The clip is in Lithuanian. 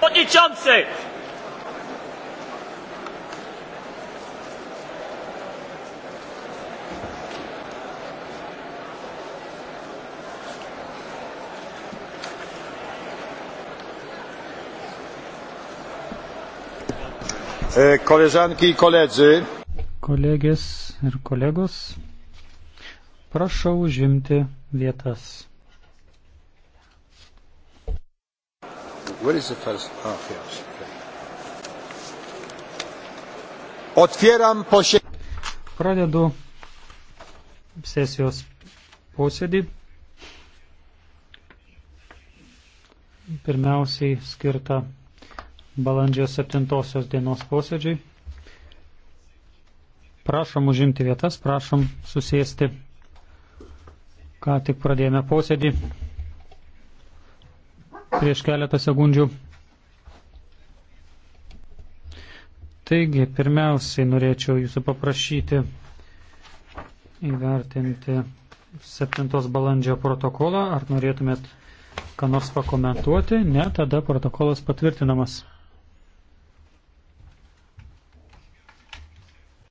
Przewodniczący! E, koleżanki i koledzy. Kolegės ir kolegos, prašau užimti vietas. Where is the first? Ah, here. Okay. Otvieram posėdį. Pradedu sesijos posėdį. Pirmiausiai skirta balandžio 7 dienos posėdžiai. Prašom užimti vietas, prašom susėsti. Ką tik pradėjome posėdį prieš keletą sekundžių. Taigi, pirmiausiai norėčiau jūsų paprašyti įvertinti 7 balandžio protokolą. Ar norėtumėt ką nors pakomentuoti? Ne, tada protokolas patvirtinamas.